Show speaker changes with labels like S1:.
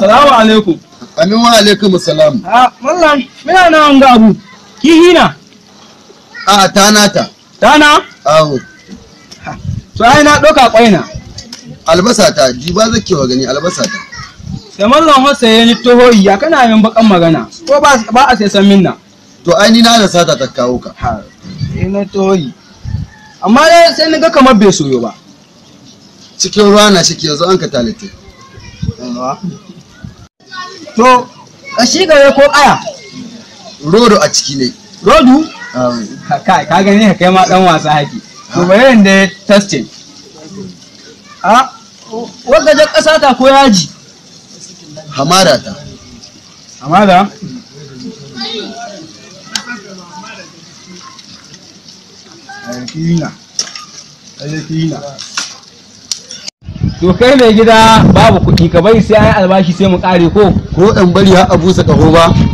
S1: Salamu
S2: alaikum. Amin wa alaikum salam. Mallam, muna nan ga abu. Kihina. A tana ta. Tana? Awo. To ai na ɗauka ƙwaina. Albasa ta, jiba zake wa gani albasa ta. Da mallam Hausa ya ni toho iya kana yin bakan magana. Ko ba a sai san minna. To ai ni na da sata ta kawo ka. Ha. Ina toho Amma sai ni ga kamar bai soyo ba. Cikin ruwa na shi ke zo an ka talite. to kashi gare ko aya rodo a ciki ne
S3: rodo ka gani ka kai ma dan wasa haki to bayan da testing
S4: a wadda jan kasa ta ko yaji hamada ta hamada
S2: Argentina. Argentina.
S3: to kai mai gida babu kuɗi ka bai sai an albashi sai
S1: mu ƙare ko ko ɗan bari har a busa ƙaho ba